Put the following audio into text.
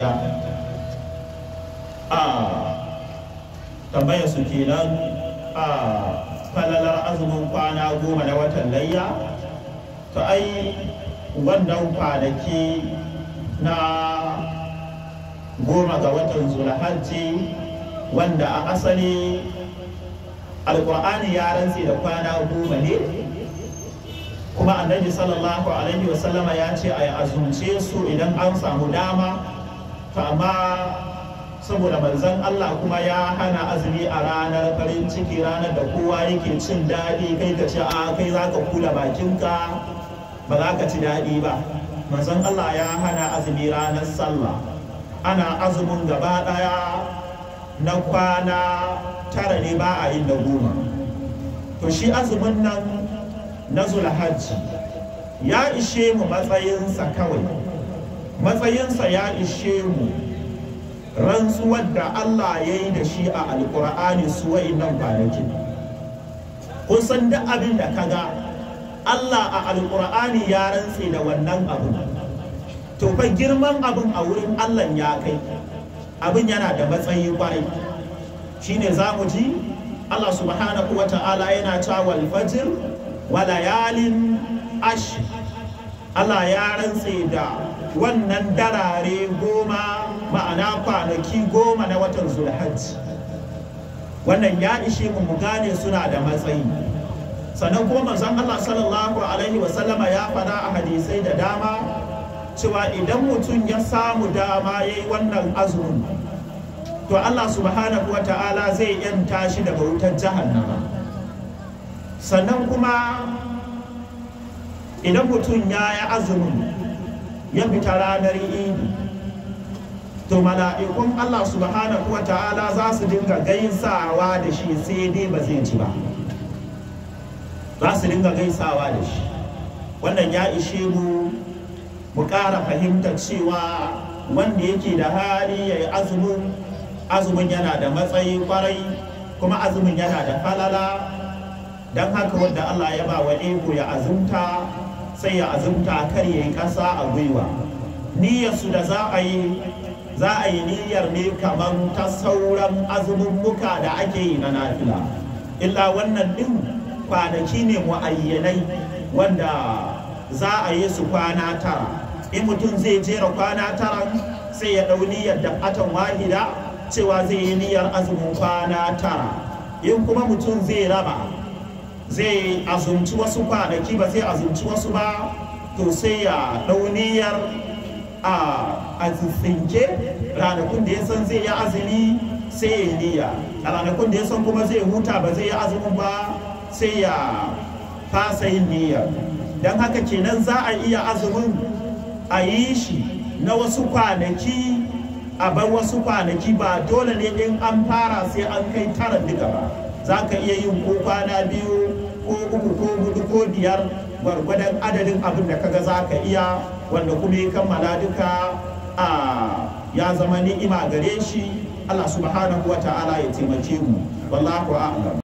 a tambayar su kenan a falalar azumin kwana goma na watan layya to ai wannan kwanaki na goma ga watan zulhajji wanda a asali alkur'ani ya rantse da kwana goma ne kuma annabi sallallahu alaihi wasallama ya ce a azumce su idan an samu dama to amma saboda manzon Allah kuma ya hana azumi a ranar farin ciki ranar da kowa yake cin daɗi kai ka ce a kai za ka kula bakinka ba za ka ci daɗi ba manzon Allah ya hana azumi ranar sallah ana azumin gaba ɗaya na kwana tara ne ba a yin da goma to shi azumin nan na zulhajji ya ishe mu matsayinsa kawai matsayinsa ya ishe mu rantsuwar da Allah ya yi da shi a alkur'ani su nan kwanakin kun san duk abin da ka ga Allah a alkur'ani ya rantse da wannan abin to fa girman abin a wurin Allah ya kai abin yana da matsayi kwarai shine za mu ji Allah subhanahu wa ta'ala yana cawal fajir walayalin wa layalin ash Allah ya rantse da wannan darare goma ma'ana kwanaki goma na watan Zulhaji. wannan ya ishe mu mu gane suna da matsayi sannan kuma manzon Allah sallallahu alaihi wa sallama ya fada a hadisai da dama cewa idan mutum ya samu dama yayi wannan azumin to Allah subhanahu wata'ala zai yanta shi daga wutar jahannama sannan kuma idan mutum ya yi azumin ya fita ranar idi to mala'ikun Allah subhanahu wa ta'ala za su dinga gaisawa da shi sai dai ba zai ci ba za su dinga gaisawa da shi wannan ya ishe mu mu ƙara fahimtar cewa wanda yake da hali ya yi azumin azumin yana da matsayi kwarai kuma azumin yana da falala don haka wanda Allah ya ba wa ego ya azumta sai ya azumta kar ya yi ƙasa a gwiwa niyyarsu da za a yi za a yi niyyar ne kamar ta sauran azumin azumummuka da ake yi na nafila illa wannan din kwanaki ne mu'ayyanai wanda za a yi su kwana tara in mutum zai jera kwana tara sai ya ɗau niyyar da atan wahida cewa zai yi niyyar azumin kwana tara in kuma mutum zai raba zai azumci wasu kwanaki ba zai azumci wasu ba to sai ya dauniyar a tsinke ranakun da ya san zai yi azumi sai ya yi niyya a ranakun da ya san kuma zai huta ba zai yi azumi ba sai ya fasa yin niyya don haka kenan za a iya azumin a yi shi na wasu kwanaki a bar wasu kwanaki ba dole ne in an fara sai an kai tara duka ba za ka iya yin ko kwana biyu ko uku ko hudu ko biyar gwargwadon adadin abin da kaga za ka iya wanda kuma ya kammala duka a ya zama ni'ima gare shi Allah subhanahu wa ta'ala ya taimake mu wallahu a'lam